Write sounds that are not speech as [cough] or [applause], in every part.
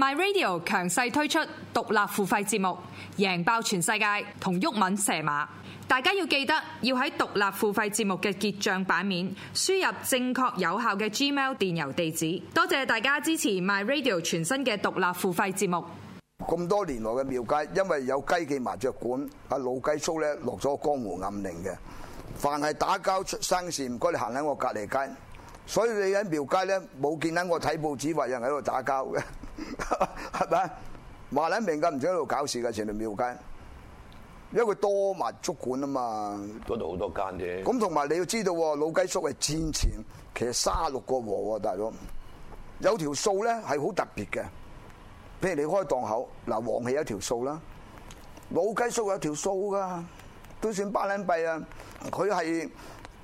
My Radio 強勢推出獨立付費節目，贏爆全世界同毓民蛇馬。大家要記得要喺獨立付費節目嘅結帳版面輸入正確有效嘅 Gmail 電郵地址。多謝大家支持 My Radio 全新嘅獨立付費節目。咁多年來嘅廟街，因為有雞記麻雀館阿老雞叔咧落咗江湖暗令嘅，凡係打交出生事唔該，你行喺我隔離街，所以你喺廟街咧冇見到我睇報紙或人喺度打交嘅。係咪？話捻命噶，唔止喺度搞事噶，前面廟街，因為佢多埋竹館啊嘛。嗰度好多間啫。咁同埋你要知道，老雞叔係戰前其實卅六個和，大佬有條數咧係好特別嘅。譬如你開檔口，嗱黃氣有條數啦，老雞叔有條數噶，都算巴捻幣啊。佢係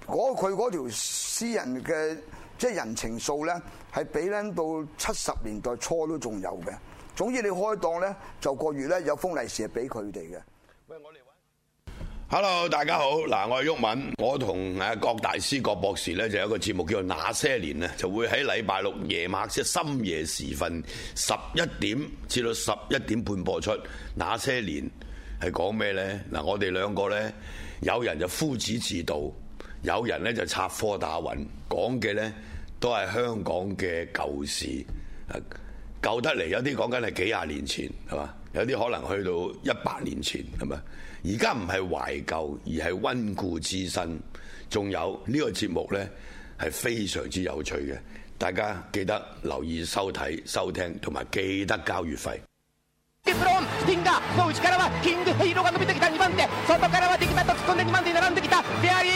佢嗰條私人嘅。即係人情數咧，係比咧到七十年代初都仲有嘅。總之你開檔咧，就個月咧有封利是俾佢哋嘅。喂，我嚟。Hello，大家好。嗱 Hey.，我係毓民。我同阿郭大師、郭博士咧，就有一個節目叫做《那些年》咧，就會喺禮拜六夜晚即深夜時分十一點至到十一點半播出。那些年係講咩咧？嗱、啊，我哋兩個咧，有人就夫子自道，有人咧就插科打諢，講嘅咧。都係香港嘅舊事，舊得嚟，有啲講緊係幾廿年前，係嘛？有啲可能去到一百年前，係咪？而家唔係懷舊，而係温故知新。仲有呢個節目咧，係非常之有趣嘅，大家記得留意收睇、收聽，同埋記得交月費。 [music]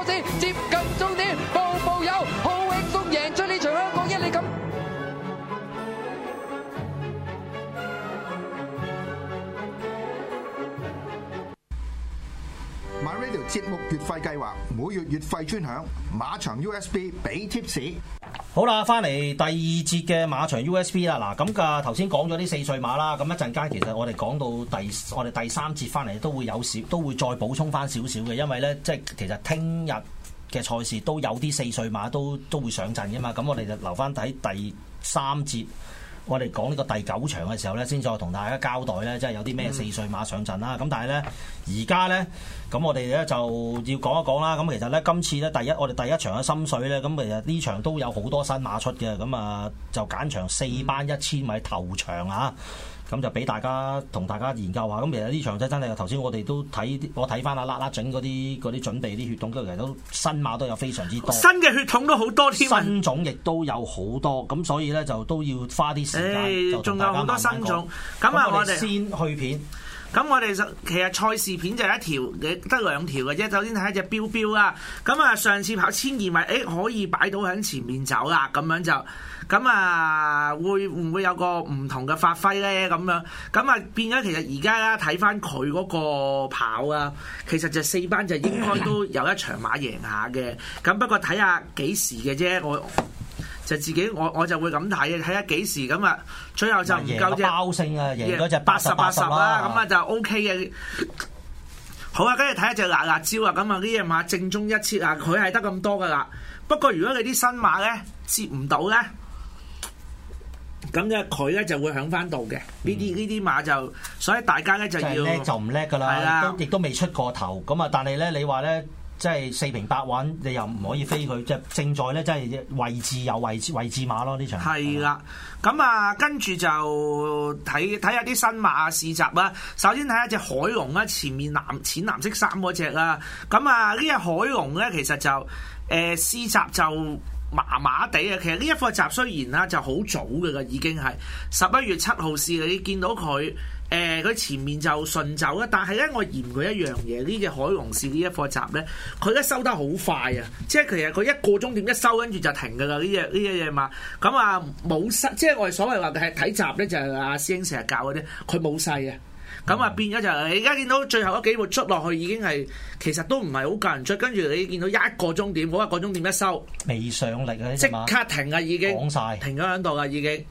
計劃每月月費專享馬場 USB 俾貼士。好啦，翻嚟第二節嘅馬場 USB 啦。嗱，咁噶頭先講咗啲四歲馬啦。咁一陣間，其實我哋講到第我哋第三節翻嚟都會有少，都會再補充翻少少嘅。因為呢，即係其實聽日嘅賽事都有啲四歲馬都都會上陣噶嘛。咁我哋就留翻睇第，第三節。我哋講呢個第九場嘅時候呢，先再同大家交代呢，即係有啲咩四歲馬上陣啦。咁但係呢，而家呢，咁我哋呢，就要講一講啦。咁其實呢，今次呢，第一我哋第一場嘅心水呢，咁其實呢場都有好多新馬出嘅，咁啊就揀場四班一千米頭場啊。咁就俾大家同大家研究下，咁其實呢場仔真係頭先我哋都睇，我睇翻啊啦啦整嗰啲啲準備啲血統，其實都新馬都有非常之多，新嘅血統都好多添，新種亦都有好多，咁所以咧就都要花啲時間、欸、慢慢同大家講，仲有好多新種。咁我哋先去片。 [music] 咁我哋就其實賽事片就一條，你得兩條嘅啫。首先睇一隻標標啊，咁啊上次跑千二米，誒、欸、可以擺到喺前面走啦，咁樣就咁啊，會唔會有個唔同嘅發揮咧？咁樣咁啊變咗，其實而家睇翻佢嗰個跑啊，其實就四班就應該都有一場馬贏下嘅。咁不過睇下幾時嘅啫，我。就自己我我就會咁睇嘅，睇下幾時咁啊，最後就唔夠隻包性啊，贏多隻八十八十啦，咁啊就 OK 嘅。好啊，跟住睇下隻辣辣椒啊，咁啊呢隻馬正宗一切啊，佢係得咁多噶啦。不過如果你啲新馬咧接唔到咧，咁咧佢咧就會響翻度嘅。呢啲呢啲馬就所以大家咧就要就唔叻噶啦，亦是的 都未出過頭。咁啊，但係咧你話咧？即係四平八穩，你又唔可以飛佢。即係正在咧，即係位置有位置位置馬咯，呢場。係啦的，咁、嗯、啊，跟住就睇睇下啲新馬試閘啦。首先睇下隻海龍啦，前面藍淺藍色衫嗰隻啊。咁啊，呢隻海龍咧，其實就誒試、呃、閘就麻麻地啊。其實呢一個閘雖然啦，就好早嘅啦，已經係十一月七號試，你見到佢。誒佢前面就順走啦，但係咧我嫌佢一樣嘢，呢隻海龍士呢一課集咧，佢咧收得好快啊！即係其實佢一個鐘點一收，跟住就停㗎啦。呢嘢呢嘢嘢嘛，咁啊冇勢，即係我哋所謂話係睇集咧，就係、係、阿師兄成日教嗰啲，佢冇晒啊！咁啊變咗就係，你而家見到最後嗰幾步出落去已經係，其實都唔係好夠人出，跟住你見到一個鐘點，哇一個鐘點一收，未上嚟啊！即刻停啊已經，說完 停咗喺度啊已經。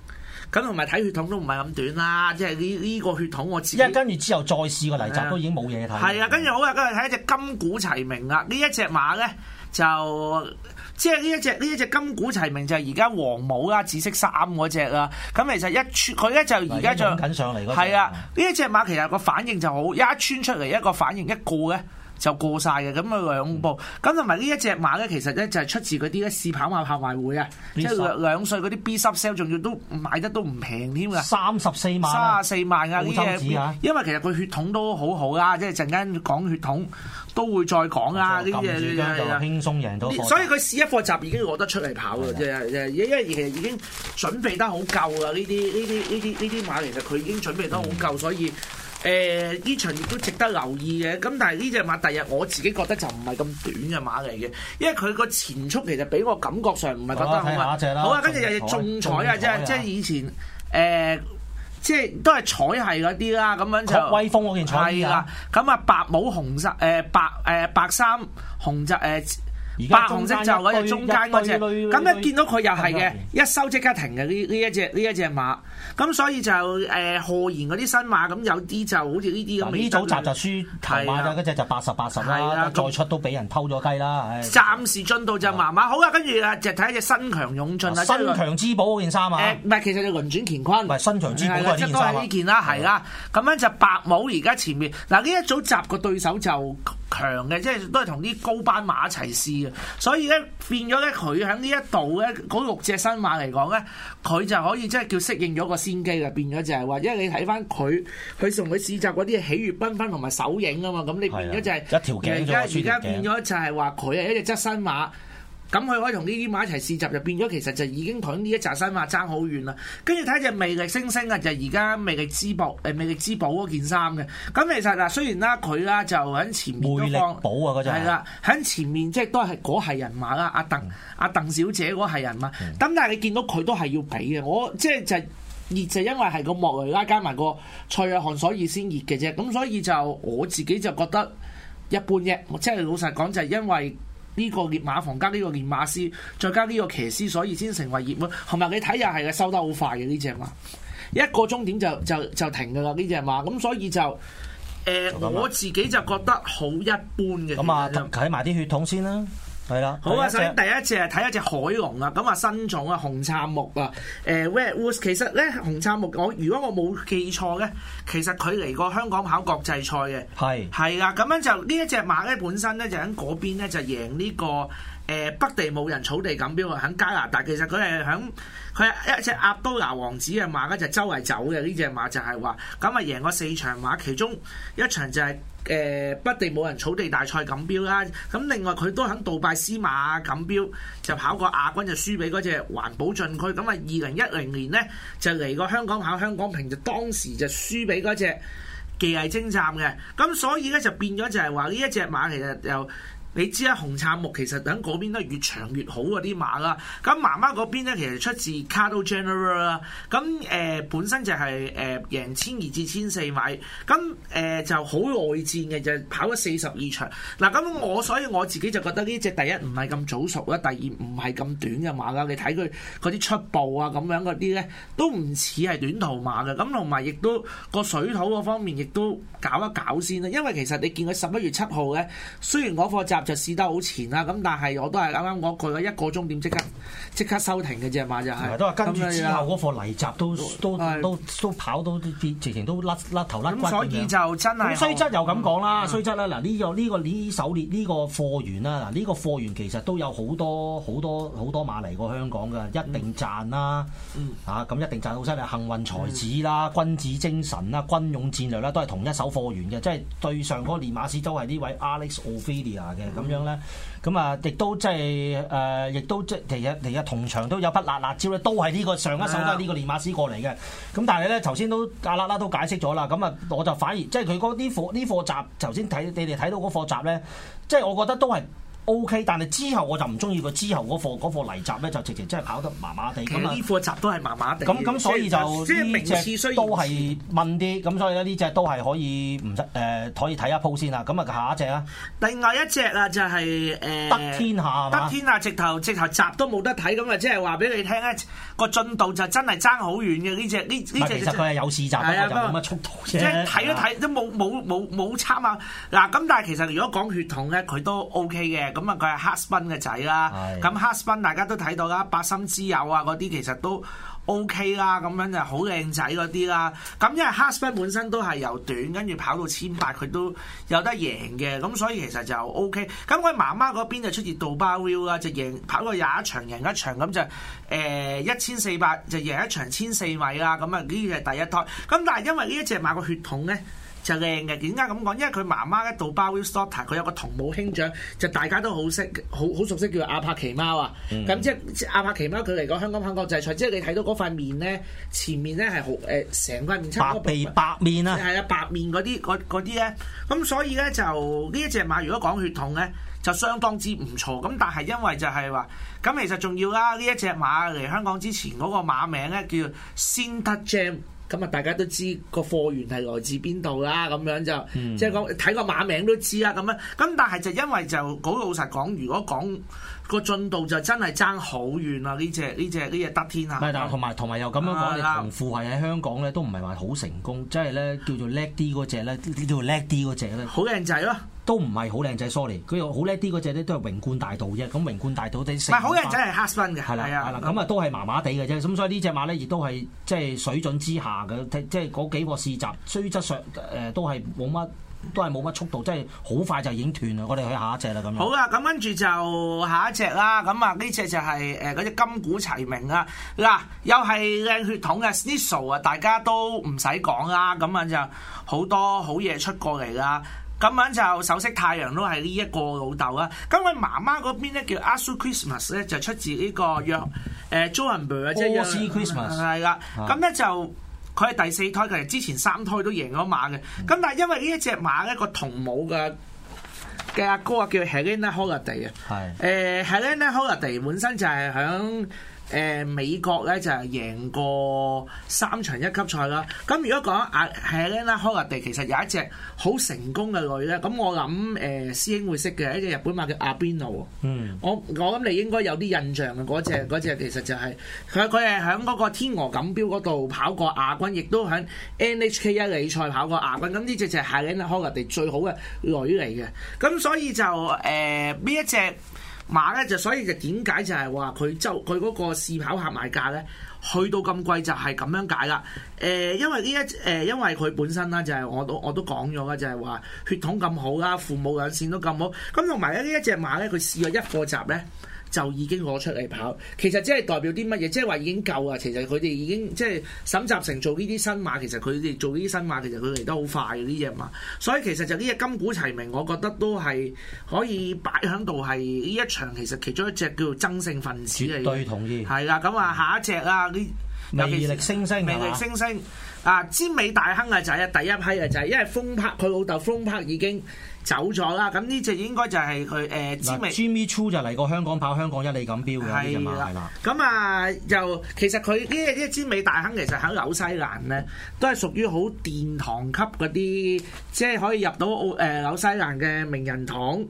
咁同埋睇血統都唔係咁短啦，即係呢呢個血統我自己。跟住之後再試個嚟集的都已經冇嘢睇。係啦，跟住好啦，跟住睇隻金鼓齊鳴啦。一隻呢一隻馬咧就即係呢一隻呢一隻金鼓齊鳴就係而家黃帽啦、紫色衫嗰隻啦。咁其實一穿佢一就而家就緊上嚟。係啊，呢一隻馬其實個反應就好，一穿出嚟一個反應一個嘅。就過晒嘅，咁啊兩部。咁同埋呢一隻馬咧，其實咧就係、是、出自嗰啲試跑馬拍賣會啊，B 10? 即係兩歲嗰啲 B 三 sale，仲要都買得都唔平添啊，三十四萬，三十四萬啊！冇爭止啊，啊！因為其實佢血統都好好啦，即係陣間講血統都會再講啊！啲嘢係啊，輕鬆贏到，所以佢試一課集已經攞得出嚟跑㗎，是的 因為其實已經準備得好夠啊！呢啲呢啲呢啲呢啲馬其實佢已經準備得好夠，嗯、所以。誒呢場亦都值得留意嘅，咁但係呢隻馬第二日我自己覺得就唔係咁短嘅馬嚟嘅，因為佢個前速其實俾我感覺上唔係覺得好慢。好啊，跟住又中彩啊彩彩、呃，即係即係以前誒，即係都係彩係嗰啲啦，咁樣就威風嗰件彩啦。咁啊、嗯，白帽紅衫誒、呃，白誒、呃、白衫紅就誒。呃白紅色就嗰隻中間嗰隻，咁咧見到佢又係嘅，一收即刻停嘅呢呢一隻呢一隻馬，咁所以就誒賀賢嗰啲新馬，咁有啲就好似呢啲咁。呢組集就輸，頭馬嗰隻就八十八十啦，再出都俾人偷咗雞啦。暫時進度就麻麻好啦，跟住啊就睇隻新強勇駿新強之寶件衫啊，唔係其實就輪轉乾坤，唔係新強之寶嗰件衫件啦係啦，咁樣就白帽，而家前面嗱呢一組集個對手就。強嘅，即係都係同啲高班馬一齊試嘅，所以咧變咗咧，佢喺呢一度咧，嗰六隻新馬嚟講咧，佢就可以即係叫適應咗個先機啦。變咗就係話，因為你睇翻佢，佢同佢試習嗰啲喜悅繽紛同埋手影啊嘛，咁你變咗就係、是，而家而家變咗就係話佢係一隻側身馬。咁佢可以同呢啲馬一齊試閘，就變咗其實就已經同呢一紮新馬爭好遠啦。跟住睇隻魅力星星啊，就而、是、家魅力之寶誒魅力之寶嗰件衫嘅。咁其實嗱，雖然啦佢啦就喺前面嗰方寶啊嗰隻，係啦喺前面即、就、係、是、都係嗰係人馬啦。阿、啊、鄧阿、嗯啊、鄧小姐嗰係人馬，咁、嗯、但係你見到佢都係要俾嘅。我即係就，是、就熱就因為係個莫雷拉加埋個蔡約翰，所以先熱嘅啫。咁所以就我自己就覺得一般啫，即、就、係、是、老實講，就係因為。呢個練馬房加呢個練馬師，再加呢個騎師，所以先成為熱門。同埋你睇下係嘅，收得好快嘅呢隻馬，一個終點就就就停㗎啦呢隻馬。咁所以就誒，呃、就我自己就覺得好一般嘅。咁、嗯、啊，睇埋啲血統先啦、啊。係啦，好啊！首先第一隻係睇一隻海龍啊，咁啊，新種啊，紅杉木啊，誒 Red Woods 其實咧紅杉木，我如果我冇記錯咧，其實佢嚟過香港考國際賽嘅係係啊。咁樣就呢一隻馬咧本身咧就喺嗰邊咧就贏呢個。誒北地冇人草地錦標啊，喺加拿大，其實佢係喺佢係一隻阿都拿王子嘅馬咧，就周圍走嘅呢隻馬，就係話咁啊贏過四場馬，其中一場就係、是、誒、呃、北地冇人草地大賽錦標啦。咁另外佢都喺杜拜司馬錦標就跑過亞軍，就輸俾嗰隻環保進區。咁啊，二零一零年呢，就嚟過香港考香港平，就當時就輸俾嗰隻技藝精湛嘅。咁所以呢，就變咗就係話呢一隻馬其實又～你知啊，紅杉木其實等嗰邊都越長越好啊啲馬啦。咁媽媽嗰邊咧其實出自 Cardo General 啦。咁、呃、誒本身就係、是、誒、呃、贏千二至千四米，咁誒、呃、就好外戰嘅就跑咗四十二場。嗱咁我所以我自己就覺得呢隻第一唔係咁早熟啦，第二唔係咁短嘅馬啦。你睇佢嗰啲出步啊咁樣嗰啲咧，都唔似係短途馬嘅。咁同埋亦都個水土方面亦都搞一搞先啦。因為其實你見佢十一月七號咧，雖然我貨就試得好前啦，咁但係我都係啱啱，我佢一個鐘點即刻即刻收停嘅啫嘛，就係都係跟住之後嗰課嚟集，都都都都跑都都成成都甩甩頭甩骨，所以就真係雖則又咁講啦，雖則啦嗱，呢個呢個呢首列呢個貨源啦，嗱呢個貨源其實都有好多好多好多馬嚟過香港嘅，一定賺啦，嗯啊咁一定賺到犀利，幸運才子啦、君子精神啦、軍用戰略啦，都係同一手貨源嘅，即係對上嗰年馬市都係呢位 Alex Ophelia 嘅。咁樣咧，咁啊、即係，亦、呃、都即係誒，亦都即係其實其實同場都有匹辣辣椒咧，都係呢、呢個上一手都係、呢個、呢個練馬師過嚟嘅。咁但係咧，頭先都阿啦啦都解釋咗啦。咁啊，我就反而即係佢嗰啲課，呢課習頭先睇你哋睇到嗰課習咧，即係我覺得都係。O K，但係之後我就唔中意佢之後嗰課嚟集例咧，就直情真係跑得麻麻地咁，呢課閘都係麻麻地咁，咁所以就即係名次都係問啲，咁所以呢隻都係可以唔得誒，可以睇一鋪先啦。咁啊，下一隻啊，另外一隻啊就係誒得天下，得天下直頭直頭閘都冇得睇，咁啊，即係話俾你聽咧，個進度就真係爭好遠嘅呢隻呢呢隻。其實佢係有試閘嘅，就冇乜速度，即係睇一睇都冇冇冇冇差啊！嗱，咁是、啊、但係其實如果講血統咧，佢都 O K 嘅。咁啊，佢係哈斯賓嘅仔啦。咁哈斯賓大家都睇到啦，八心之友啊，嗰啲其實都 OK 啦。咁樣就好靚仔嗰啲啦。咁因為哈斯賓本身都係由短跟住跑到千八，佢都有得贏嘅。咁所以其實就 OK。咁佢媽媽嗰邊就出自杜巴威啊，就贏跑過廿一場贏一場咁就誒一千四百就贏一場千四位啊。咁啊，呢隻係第一胎。咁但係因為呢一隻馬個血統咧。就靚嘅，點解咁講？因為佢媽媽咧，杜包 Will Starter，佢有個同母兄長，就大家都好識，好好熟悉，叫阿帕奇貓啊。咁即即阿帕奇貓，佢嚟講香港香港國際賽，即係你睇到嗰塊面咧，前面咧係好誒，成塊面塊白鼻白面啊，係啊，白面嗰啲嗰啲咧。咁所以咧就呢一隻馬，如果講血統咧，就相當之唔錯。咁但係因為就係、係、話，咁其實仲要啦。呢一隻馬嚟香港之前嗰個馬名咧，叫 Saint Jam。咁啊，大家都知個貨源係來自邊度啦，咁樣就，嗯、即係講睇個馬名都知啦，咁樣。咁但係就因為就好老實講，如果講個進度就真係爭好遠啊！呢隻呢隻呢隻得天啊！咪、嗯、同埋同埋又咁樣講，你同富係喺香港咧都唔係話好成功，即係咧叫做叻啲嗰隻咧，呢啲叫做叻啲嗰隻咧，好靚仔咯、啊、～都唔係好靚仔，sorry，佢又好叻啲嗰隻咧，都係榮冠大道啫。咁榮冠大道啲，唔係好靚仔係黑身嘅，係啦，係啦，咁啊都係麻麻地嘅啫。咁所以隻呢隻馬咧，亦都係即係水準之下嘅，即係嗰幾個試集，雖則上誒都係冇乜，都係冇乜速度，即係好快就已經斷啦。我哋去下一隻啦，咁好啦、啊，咁跟住就下一隻啦。咁啊呢隻就係誒嗰隻金鼓齊鳴啊，嗱又係靚血統嘅 Snizzle 啊，le, 大家都唔使講啦，咁啊就好多好嘢出過嚟啦。咁樣就首飾太陽都係呢一個老豆啊！咁佢媽媽嗰邊咧叫 Ashu Christmas 咧，就出自呢個約誒 John Baez 即係約 Ashu Christmas 係啦。咁咧就佢係第四胎，佢之前三胎都贏咗馬嘅。咁但係因為呢一隻馬咧個同母嘅嘅阿哥啊叫 Helena Holladay, 係、呃、Helena Holladay 啊，誒 Helena Holladay 本身就係響。誒美國咧就係贏過三場一級賽啦。咁如果講亞 Highland Covert，其實有一隻好成功嘅女咧。咁我諗誒師兄會識嘅，一隻日本馬叫亞邊奴。嗯，我我諗你應該有啲印象嘅嗰隻嗰隻，隻隻其實就係佢佢係響嗰個天鵝錦標嗰度跑過亞軍，亦都響 NHK 一哩賽跑過亞軍。咁呢隻就係 Highland Covert 最好嘅女嚟嘅。咁所以就誒呢、呃、一隻。馬咧就所以就點解就係話佢就佢嗰個試跑合埋價咧去到咁貴就係咁樣解啦。誒、呃，因為呢一誒、呃、因為佢本身啦就係、是、我都我都講咗啦，就係、是、話血統咁好啦，父母兩線都咁好，咁同埋咧呢一隻馬咧佢試過一個集咧。就已經攞出嚟跑，其實即係代表啲乜嘢？即係話已經夠啊！其實佢哋已經即係沈集成做呢啲新馬，其實佢哋做呢啲新馬，其實佢嚟得好快嘅呢隻馬。所以其實就呢隻金鼓齊嗚，我覺得都係可以擺喺度，係呢一場其實其中一隻叫做爭勝分子。嚟。絕對同意。係啦，咁啊，下一隻啊呢。魅力星星，魅力星星啊！尖美大亨啊，就係第一批啊，就係因為風柏佢老豆風柏已經走咗啦。咁呢隻應該就係佢誒尖美、啊。Jimmy Choux 就嚟過香港跑香港一哩錦標嘅呢啦。咁的啊，又的、啊、其實佢呢啲尖美大亨其實喺紐西蘭咧，都係屬於好殿堂級嗰啲，即係可以入到澳誒、呃、紐西蘭嘅名人堂。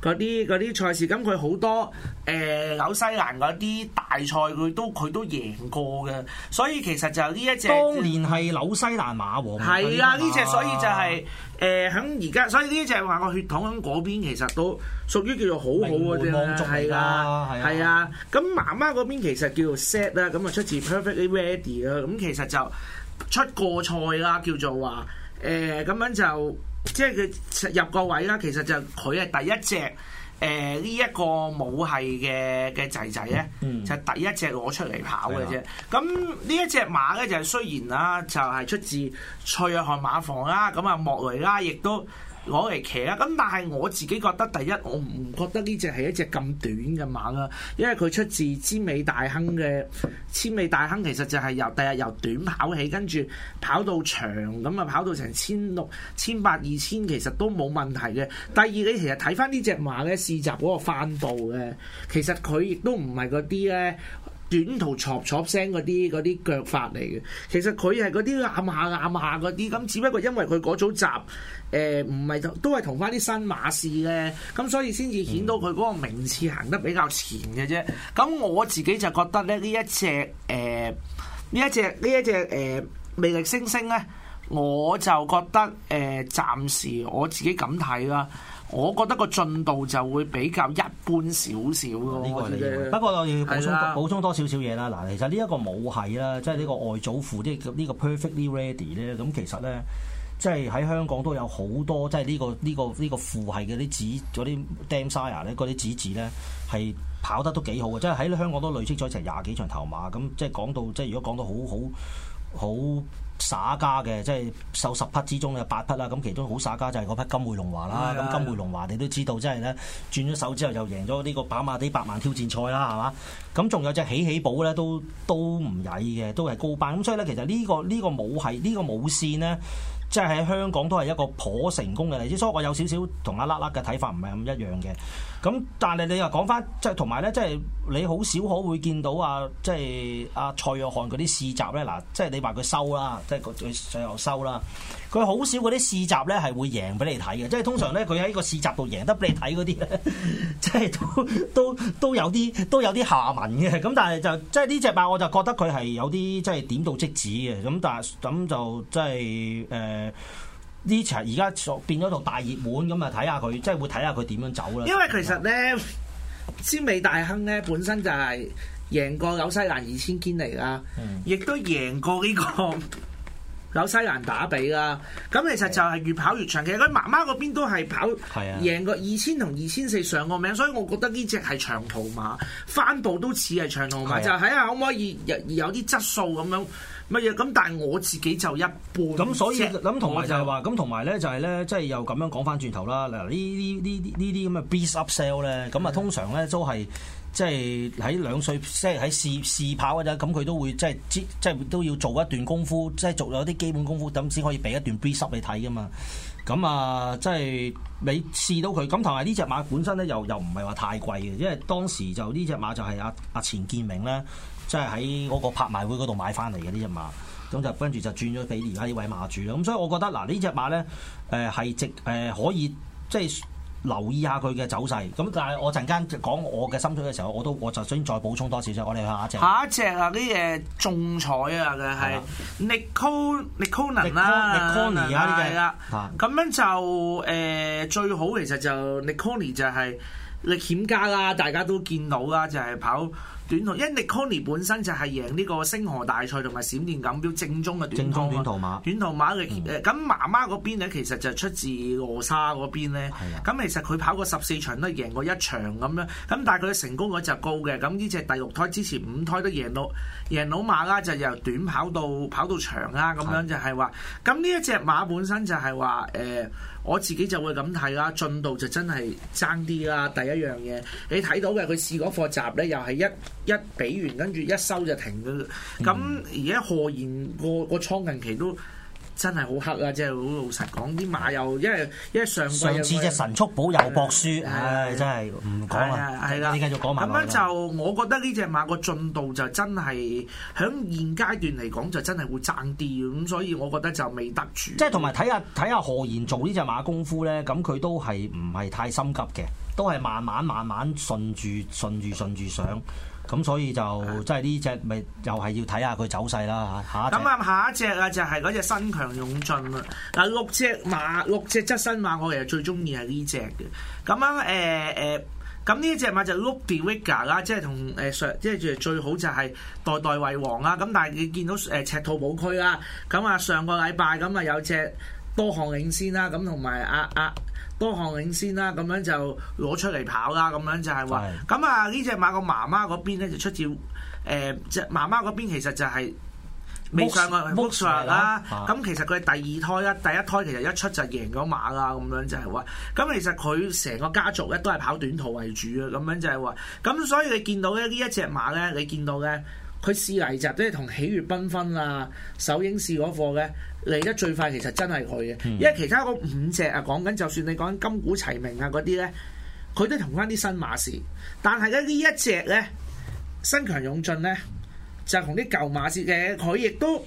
嗰啲啲賽事，咁佢好多誒、呃、紐西蘭嗰啲大賽，佢都佢都贏過嘅，所以其實就呢一隻，當年係紐西蘭馬王。係啊，呢隻、哎、呀所以就係、是、誒，響而家，所以呢隻話個血統響嗰邊，其實都屬於叫做好好嗰啲啦，係㗎，係啊。咁、啊啊啊啊、媽媽嗰邊其實叫做 set 啦，咁啊出自 perfectly ready 啦，咁其實就出過賽啦，叫做話誒咁樣就。即係佢入個位啦，其實就佢係第一隻誒呢一個母係嘅嘅仔仔咧，就第一隻攞出嚟跑嘅啫。咁呢一隻馬咧就雖然啊，就係、是、出自蔡約翰馬房啦。咁啊,啊莫雷拉，亦、啊、都。我嚟騎啦，咁但係我自己覺得第一，我唔覺得呢隻係一隻咁短嘅馬啦，因為佢出自尖尾大亨嘅，尖尾大亨其實就係由第日由短跑起，跟住跑到長，咁啊跑到成千六千八、二千，其實都冇問題嘅。第二，你其實睇翻呢隻馬咧，試習嗰個翻步嘅，其實佢亦都唔係嗰啲咧。短途嘈嘈聲嗰啲，嗰啲腳法嚟嘅，其實佢係嗰啲啱下啱下嗰啲，咁只不過因為佢嗰組集，誒唔係都係同翻啲新馬士嘅，咁所以先至顯到佢嗰個名次行得比較前嘅啫。咁我自己就覺得咧，呢一隻誒，呢、呃、一隻呢一隻誒、呃、魅力星星咧，我就覺得誒、呃，暫時我自己咁睇啦。我覺得個進度就會比較一般少少咯，呢個你的不過我要補充的補充多少少嘢啦，嗱，其實呢一個母係啦，即係呢個外祖父即係呢個 Perfectly Ready 咧，咁其實咧，即係喺香港都有好多即係呢個呢個呢個父系啲子嗰啲 dam sire 咧，嗰啲子子咧係跑得都幾好嘅，即係喺香港都累積咗成廿幾場頭馬，咁即係講到即係如果講到好好好。耍家嘅，即係收十匹之中有八匹啦，咁其中好耍家就係嗰匹金匯龍華啦。咁 [noise] 金匯龍華你都知道，即係咧轉咗手之後又贏咗呢個跑馬地百萬挑戰賽啦，係嘛？咁仲有隻起起寶咧都都唔曳嘅，都係高班。咁所以咧，其實呢、呢個呢、呢個母系呢個母線呢。即係喺香港都係一個頗成功嘅例子，所以我有少少同阿 LakLak 嘅睇法唔係咁一樣嘅。咁但係你又講翻，即係同埋咧，即係你好少可會見到啊，即係阿蔡約翰嗰啲試閘咧。嗱，即係你話佢收啦，即係佢最後收啦。佢好少嗰啲試閘咧係會贏俾你睇嘅，即係通常咧佢喺個試閘度贏得俾你睇嗰啲咧，即係都都都有啲都有啲下文嘅。咁但係就即係呢隻馬我就覺得佢係有啲即係點到即止嘅。咁但係咁就即係誒。呃呢場而家變咗做大熱門，咁啊睇下佢，即係會睇下佢點樣走啦。因為其實咧，尖尾大亨咧本身就係贏過紐西蘭二千堅尼噶，亦、嗯、都贏過呢個紐西蘭打比啦。咁其實就係越跑越長嘅。其實佢媽媽嗰邊都係跑贏是的 過二千同二千四上個名，所以我覺得呢隻係長途馬，翻步都似係長途馬，是的 就睇下可唔可以有有啲質素咁樣。乜嘢？咁但係我自己就一半、嗯。咁所以，咁同埋就係、是、話，咁同埋咧就係、是、咧，即係、就是就是、又咁樣講返轉頭啦。嗱，呢呢呢呢呢啲咁嘅 breeze up sale 咧，咁啊通常咧都係即係喺兩歲，即係喺試試跑嘅啫。咁佢都會即係即係都要做一段功夫，即、就、係、是、做咗啲基本功夫，咁先可以俾一段 breeze up 你睇噶嘛。咁啊，即、就、係、是、你試到佢。咁同埋呢隻馬本身咧，又又唔係話太貴嘅，因為當時就呢隻馬就係阿阿錢建明咧。即係喺嗰個拍賣會嗰度買翻嚟嘅呢隻馬，咁就跟住就轉咗俾而家呢位馬主咯。咁所以我覺得嗱，啊、隻呢隻馬咧，誒、呃、係值誒、呃、可以、呃、即係留意下佢嘅走勢。咁但係我陣間講我嘅心水嘅時候，我都我就想再補充多少少。我哋下一隻下一隻啊！呢誒中彩啊嘅係力扣力扣能啦，力扣能啊，係啦。咁樣就誒、呃、最好其實就力扣能就係歷險家啦，大家都見到啦，就係、是、跑。短途，因為 Nicconi 本身就係贏呢個星河大賽同埋閃電錦標正宗嘅短，短途馬，短途馬嘅誒。咁、嗯、媽媽嗰邊咧，其實就出自俄沙嗰邊咧。咁係啊其實佢跑過十四場都係贏過一場咁樣，咁但係佢成功率就高嘅。咁呢隻第六胎之前五胎都贏到贏到馬啦，就由短跑到跑到長啦，咁樣就係話。咁呢一隻馬本身就係話誒。呃我自己就會咁睇啦，進度就真係爭啲啦。第一樣嘢你睇到嘅，佢試嗰課閘咧又係一一俾完，跟住一收就停咗。咁而家賀賢個個倉近期都～真係好黑啊！即係好老實講，啲馬又因為因為上上次隻神速寶又博輸，唉的、哎，真係唔講啦。你繼續講馬。咁樣就我覺得呢隻馬個進度就真係響現階段嚟講就真係會爭啲咁，所以我覺得就未得住。即係同埋睇下睇下何言做呢隻馬功夫咧，咁佢都係唔係太心急嘅，都係慢慢慢慢順住順住順住上。咁所以就、嗯、即係呢隻咪又係要睇下佢走勢啦嚇。咁啊，下一隻啊、嗯、就係嗰隻新強勇駿啦。嗱，六隻馬六隻質新馬我，我其實最中意係呢隻嘅。咁啊誒誒，咁、嗯、呢一隻馬就 Look Director 啦，即係同誒上即係最好就係代代為王啦。咁但係你見到誒赤兔寶區啦，咁啊上個禮拜咁啊有隻多項領先啦，咁同埋阿阿。多項領先啦，咁樣就攞出嚟跑啦，咁樣就係話。咁是啊呢隻馬個媽媽嗰邊咧就出自誒即係媽媽嗰邊其實就係。未上過麥啦啊！咁其實佢第二胎啦，第一胎其實一出就贏咗馬啦，咁樣就係話。咁其實佢成個家族咧都係跑短途為主啊，咁樣就係話。咁所以你見到咧呢一隻馬咧，你見到咧佢試泥集都係同喜悅繽紛啊、首映試嗰個嘅。嚟得最快其實真係佢嘅，因為其他嗰五隻啊講緊，就算你講緊金鼓齊嗚啊嗰啲咧，佢都同翻啲新馬士，但係咧呢一隻咧新強勇駿咧就同啲舊馬士嘅，佢亦都。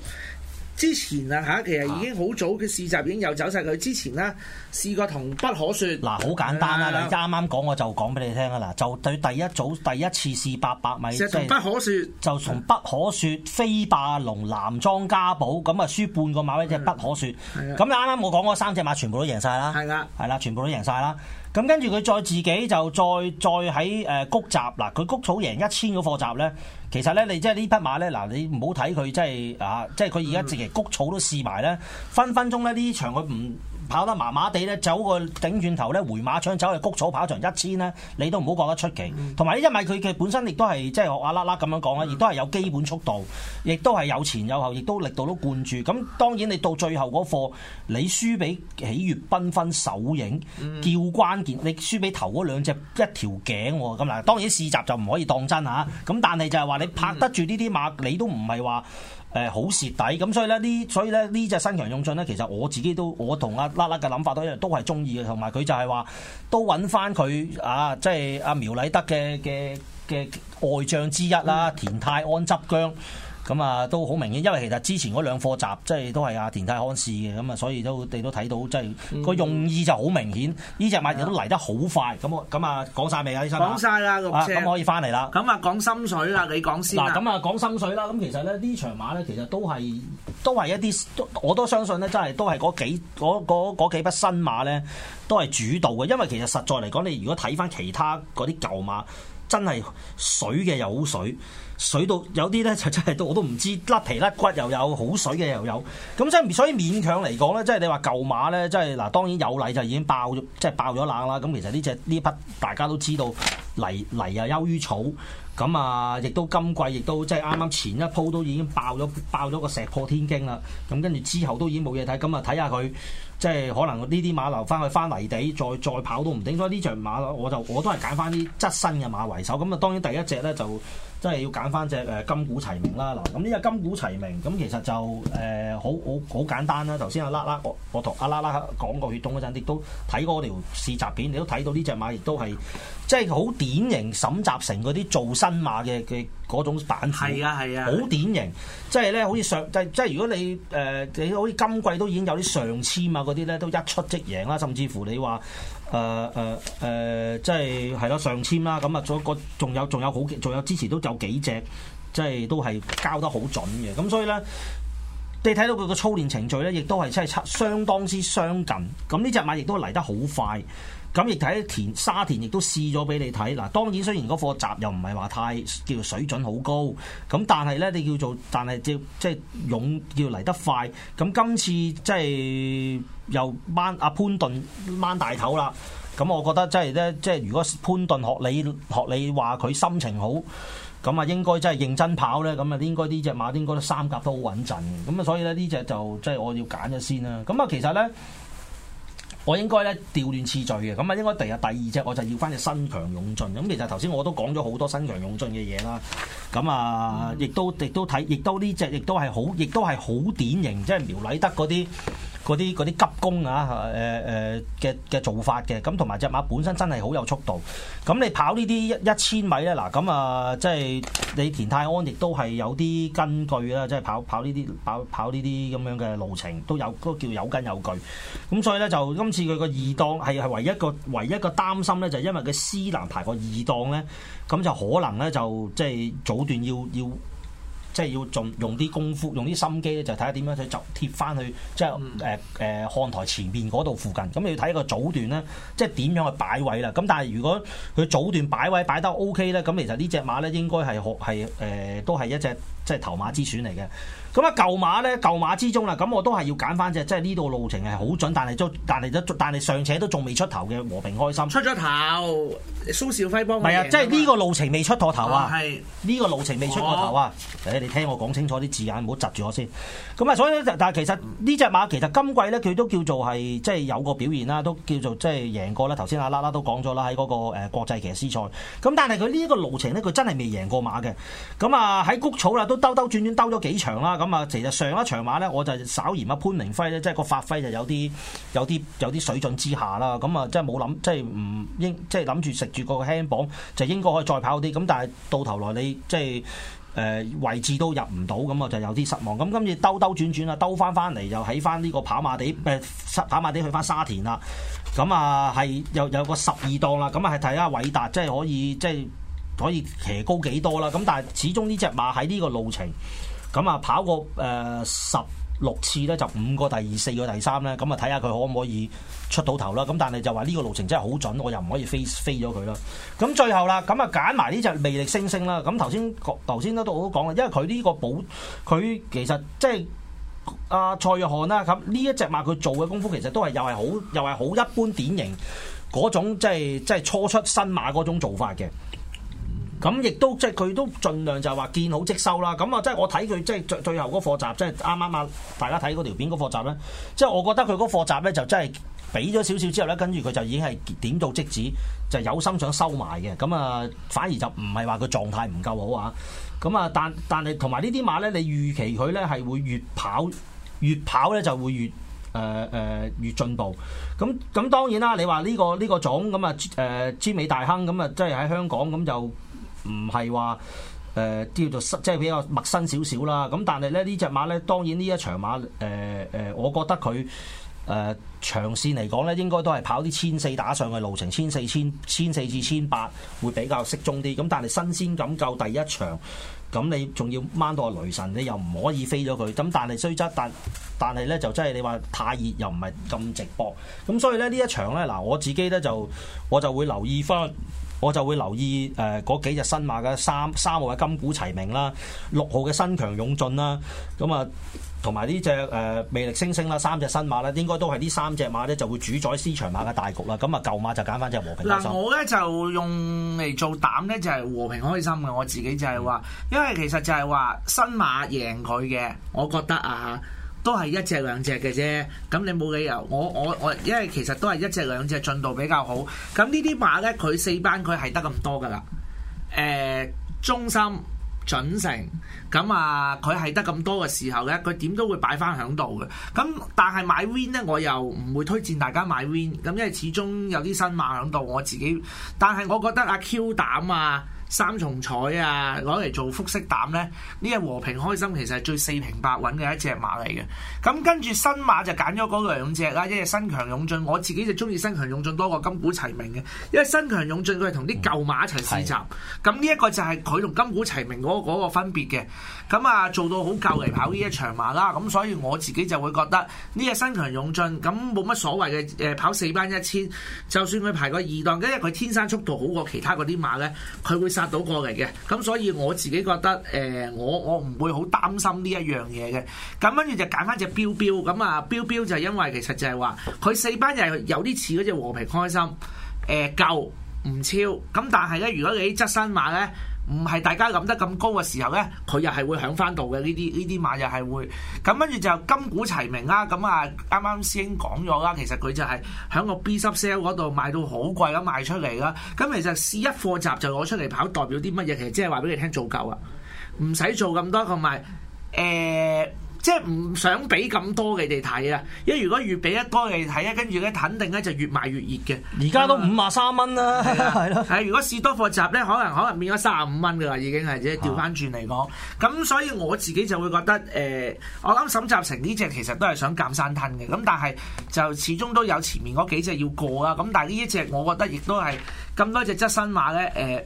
之前啊吓，其實已經好早嘅試集已經又走晒。佢、啊。之前呢，試過同不可説嗱，好、啊、簡單啦。的你啱啱講我就講俾你聽啊嗱，就對第一組第一次試八百米不可説，就是、的就從不可説飛霸龍南莊家寶咁啊，輸半個馬位即的不可説。咁你啱啱我講嗰三隻馬全部都贏晒啦，係啦，係啦，全部都贏晒啦。的咁跟住佢再自己就再再喺誒谷集嗱，佢谷草贏一千個貨集咧，其實咧你即係呢匹馬咧嗱，你唔好睇佢即係啊，即係佢而家直情谷草都試埋咧，分分鐘咧呢場佢唔跑得麻麻地咧，走個頂轉頭咧，回馬槍走去谷草跑場一千咧，你都唔好覺得出奇。同埋因一為佢嘅本身亦都係即係話啦啦咁樣講啦，亦都係有基本速度，亦都係有前有後，亦都力度都灌注。咁當然你到最後嗰課，你輸俾喜悅繽紛首映，叫關鍵，你輸俾頭嗰兩隻一條頸喎。咁嗱，當然試習就唔可以當真吓。咁但係就係話你拍得住呢啲馬，你都唔係話。誒好蝕底咁，所以咧呢，所以咧呢隻新強勇駿咧，其實我自己都，我同阿粒粒嘅諗法都一樣，都係中意嘅，同埋佢就係話都揾翻佢啊，即係阿苗禮德嘅嘅嘅外將之一啦，田泰安執韁。咁啊，都好明顯，因為其實之前嗰兩課集，即係都係阿田太康試嘅，咁啊，所以都你都睇到，即係個用意就好明顯。呢隻、嗯、馬亦都嚟得好快，咁咁啊，講晒未啊？呢三講曬啦，咁可以翻嚟啦。咁啊，講心水啦，你講先嗱、啊，咁啊，講心水啦。咁其實咧，呢場馬咧，其實都係都係一啲，我都相信咧，真係都係嗰幾，幾匹新馬咧，都係主導嘅。因為其實實在嚟講，你如果睇翻其他嗰啲舊馬，真係水嘅又好水。水到有啲咧，就真係到我都唔知甩皮甩骨，又有好水嘅，又有，咁即係所以勉強嚟講咧，即係你話舊馬咧，即係嗱，當然有泥就已經爆咗，即係爆咗冷啦。咁其實呢隻呢匹大家都知道嚟泥、泥啊優於草，咁啊亦都今季亦都即係啱啱前一鋪都已經爆咗爆咗個石破天驚啦。咁跟住之後都已經冇嘢睇，咁啊睇下佢即係可能呢啲馬留翻去翻泥地再再跑都唔定。所以呢隻馬我就我都係揀翻啲質新嘅馬為首。咁啊當然第一隻咧就。即係要揀翻隻誒金鼓齊嗚啦，嗱，咁呢隻金鼓齊嗚，咁其實就誒、呃、好好好簡單啦。頭先阿拉拉我我同阿拉拉講過血統嗰陣，亦都睇過嗰條試閘片，你都睇到呢隻馬亦都係即係好典型沈集成嗰啲做新馬嘅嘅嗰種版型，係啊係啊，好、啊啊、典型。即係咧，好似上即係即係如果你誒、呃、你好似今季都已經有啲上千啊嗰啲咧，都一出即贏啦，甚至乎你話。誒誒誒，即係係咯，上籤啦，咁啊，仲有仲有好，仲有支持都有幾隻，即係都係交得好準嘅，咁所以咧，你睇到佢個操練程序咧，亦都係真係差相當之相近，咁呢隻馬亦都嚟得好快。咁亦睇田沙田，亦都試咗俾你睇。嗱，當然雖然嗰課習又唔係話太叫水準好高，咁但係咧，你叫做但係即即係勇叫嚟得快。咁今次即係又掹阿潘頓掹大頭啦。咁我覺得即係咧，即係如果潘頓學你學你話佢心情好，咁啊應該真係認真跑咧。咁啊應該呢隻馬應該三甲都好穩陣。咁啊所以咧呢隻就即係我要揀咗先啦。咁啊其實咧。我應該咧調亂次序嘅，咁啊應該第日第二隻我就要翻隻新強勇駿咁。其實頭先我都講咗好多新強勇駿嘅嘢啦，咁啊亦、嗯、都亦都睇，亦都呢隻亦都係好，亦都係好典型，即係苗禮德嗰啲。嗰啲啲急攻啊，誒誒嘅嘅做法嘅，咁同埋隻馬本身真係好有速度，咁你跑呢啲一一千米咧，嗱咁啊，即係你田泰安亦都係有啲根據啦，即係跑跑呢啲跑跑呢啲咁樣嘅路程都有都叫有根有據，咁所以咧就今次佢個二檔係係唯一,一個唯一,一個擔心咧，就係、因為佢私難排過二檔咧，咁就可能咧就即係早段要要。即係要用用啲功夫，用啲心機咧，就睇下點樣去就貼翻去即係誒誒看台前面嗰度附近。咁你要睇一個組段咧，即係點樣去擺位啦。咁但係如果佢組段擺位擺得 OK 咧，咁其實呢隻馬咧應該係學係誒都係一隻。即係頭馬之選嚟嘅，咁啊舊馬咧舊馬之中啦，咁我都係要揀返隻即係呢度路程係好準，但係但係但係尚且都仲未出頭嘅和平開心。出咗頭，蘇少輝幫。係啊，即係呢個路程未出過頭啊！呢、啊、個路程未出過頭啊，啊、哎！你聽我講清楚啲字眼，唔好窒住我先。咁啊，所以但係其實呢隻馬其實今季咧，佢都叫做係即係有個表現啦，都叫做即係贏過啦。頭先阿啦啦都講咗啦，喺嗰個誒國際騎師賽。咁但係佢呢一個路程咧，佢真係未贏過馬嘅。咁啊喺谷草啦。兜兜轉轉兜咗幾場啦，咁啊，其實上一場馬咧，我就稍嫌阿潘明輝咧，即係個發揮就有啲有啲有啲水準之下啦，咁啊，即係冇諗，即係唔應，即係諗住食住個輕磅就應該可以再跑啲，咁但係到頭來你即係誒、呃、位置都入唔到，咁啊就有啲失望。咁今次兜兜轉轉啊，兜翻翻嚟又喺翻呢個跑馬地誒、呃、跑馬地去翻沙田啦，咁啊係又有，有個十二檔啦，咁啊係睇下偉達即係可以即係。可以騎高幾多啦？咁但係始終呢隻馬喺呢個路程咁啊，跑過誒十六次咧，就五個第二、四個第三咧，咁啊睇下佢可唔可以出到頭啦？咁但係就話呢個路程真係好準，我又唔可以飛飛咗佢啦。咁最後啦，咁啊揀埋呢隻魅力星星啦。咁頭先頭先都都講啦，因為佢呢個寶佢其實即係阿蔡若翰啊，咁呢一隻馬佢做嘅功夫其實都係又係好又係好一般，典型嗰種即係即係初出新馬嗰種做法嘅。咁亦都即係佢都盡量就係話見好即收啦，咁啊即係我睇佢即係最最後嗰個貨值，即係啱啱啊大家睇嗰條片嗰個貨值咧，即係我覺得佢嗰個貨值咧就真係俾咗少少之後咧，跟住佢就已經係點到即止，就有心想收埋嘅，咁啊反而就唔係話佢狀態唔夠好啊，咁啊但但係同埋呢啲馬咧，你預期佢咧係會越跑越跑咧就會越誒誒、呃、越進步，咁、嗯、咁、嗯、當然啦，你話呢、呢個呢、呢個種咁啊誒黐尾大坑咁啊，即係喺香港咁、嗯、就。唔係話誒，叫做即係比較陌生少少啦。咁但係咧，隻呢隻馬咧，當然呢一場馬誒誒、呃呃，我覺得佢誒、呃、長線嚟講咧，應該都係跑啲千四打上嘅路程，千四千千四至千八會比較適中啲。咁但係新鮮感夠第一場，咁你仲要掹到個雷神，你又唔可以飛咗佢。咁但係雖則，但但係咧就真係你話太熱又唔係咁值博。咁所以咧呢一場咧，嗱我自己咧就我就會留意翻。我就會留意誒嗰、呃、幾隻新馬嘅三三號嘅金鼓齊鳴啦，六號嘅新強勇駿啦，咁啊同埋呢隻誒魅力星星啦，三隻新馬咧應該都係呢三隻馬咧就會主宰市場馬嘅大局啦。咁、嗯、啊、嗯、舊馬就揀翻隻和平但、啊、我咧就用嚟做膽咧就係、是、和平開心嘅，我自己就係話，因為其實就係話新馬贏佢嘅，我覺得啊。都係一隻兩隻嘅啫，咁你冇理由，我我我，因為其實都係一隻兩隻進度比較好，咁呢啲馬呢，佢四班佢係得咁多噶啦，誒、呃、中心準成。咁啊佢係得咁多嘅時候呢，佢點都會擺翻響度嘅，咁但係買 Win 呢，我又唔會推薦大家買 Win，咁因為始終有啲新馬響度，我自己，但係我覺得阿 Q 膽啊。三重彩啊，攞嚟做複式膽呢。呢隻和平開心其實係最四平八穩嘅一隻馬嚟嘅。咁跟住新馬就揀咗嗰兩隻啦，一隻新強勇駿，我自己就中意新強勇駿多過金鼓齊嗚嘅，因為新強勇駿佢係同啲舊馬一齊試習。咁呢一個就係佢同金鼓齊嗚嗰嗰個分別嘅。咁啊做到好舊嚟跑呢一場馬啦，咁所以我自己就會覺得呢隻新強勇駿咁冇乜所謂嘅誒跑四班一千，就算佢排個二檔，因為佢天生速度好過其他嗰啲馬呢，佢會。押到過嚟嘅，咁所以我自己覺得誒，我我唔會好擔心呢一樣嘢嘅。咁跟住就揀翻隻標標咁啊，標標就因為其實就係話佢四班人有啲似嗰隻和平開心誒，夠唔超咁，但係咧如果你質新馬咧。 [music] [music] [music] [music] 唔係大家諗得咁高嘅時候呢，佢又係會響翻度嘅，呢啲呢啲馬又係會咁，跟住就金鼓齊嗚啦。咁啊啱啱師兄講咗啦，其實佢就係喺個 B sub sale 嗰度買到好貴咁賣出嚟啦。咁其實一課集就攞出嚟跑，代表啲乜嘢？其實即係話俾你聽，做夠啊，唔使做咁多，同埋誒。欸即係唔想俾咁多你哋睇啊！因為如果越俾得多你哋睇咧，跟住咧肯定咧就越賣越熱嘅。而家都五啊三蚊啦，係如果市多貨集咧，可能可能變咗三啊五蚊噶啦，已經係即係調翻轉嚟講。咁所以我自己就會覺得誒、呃，我諗沈集成呢隻其實都係想鑒山吞嘅。咁但係就始終都有前面嗰幾隻要過啊。咁但係呢一隻我覺得亦都係咁多隻質新馬咧，誒、呃、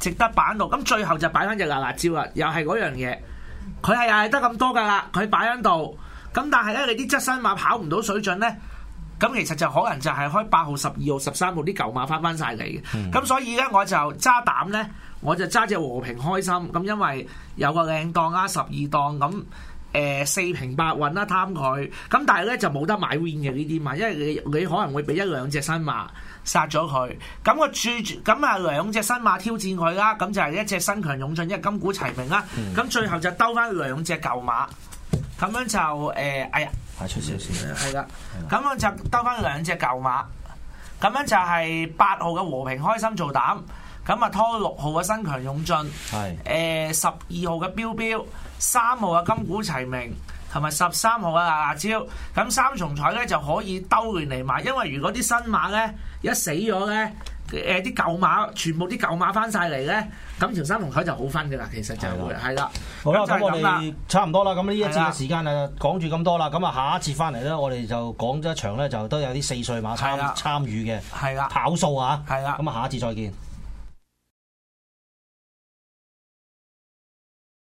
值得擺落。咁最後就擺翻隻辣辣椒啊！又係嗰樣嘢。佢係又係得咁多噶啦，佢擺喺度，咁但係咧你啲質新馬跑唔到水準咧，咁其實就可能就係開八號、十二號、十三號啲舊馬翻翻曬嚟嘅，咁、嗯、所以咧我就揸膽咧，我就揸隻和平開心，咁因為有個靚檔啊，十二檔咁。誒、呃、四平八穩啦，貪佢，咁但係咧就冇得買 win 嘅呢啲嘛，因為你你可能會俾一兩隻新馬殺咗佢，咁住住，咁啊兩隻新馬挑戰佢啦，咁就係一隻新強勇駿，一隻金鼓齊嗚啦，咁、嗯、最後就兜翻兩隻舊馬，咁樣就誒、呃，哎呀，快出少少，係啦，咁我就兜翻兩隻舊馬，咁樣就係八號嘅和平開心做膽。咁啊，拖六號嘅新強勇駿，誒十二號嘅標標，三號嘅金鼓齊鳴，同埋十三號嘅牙牙蕉。咁三重彩咧就可以兜亂嚟買，因為如果啲新馬咧一死咗咧，誒啲舊馬全部啲舊馬翻晒嚟咧，咁條三重彩就好翻噶啦。其實就係啦，好啦，咁我哋差唔多啦。咁呢一節嘅時間啊，講住咁多啦。咁啊，下一次翻嚟咧，我哋就講咗一場咧，就都有啲四歲馬參參與嘅，跑數啊，咁啊，下一次再見。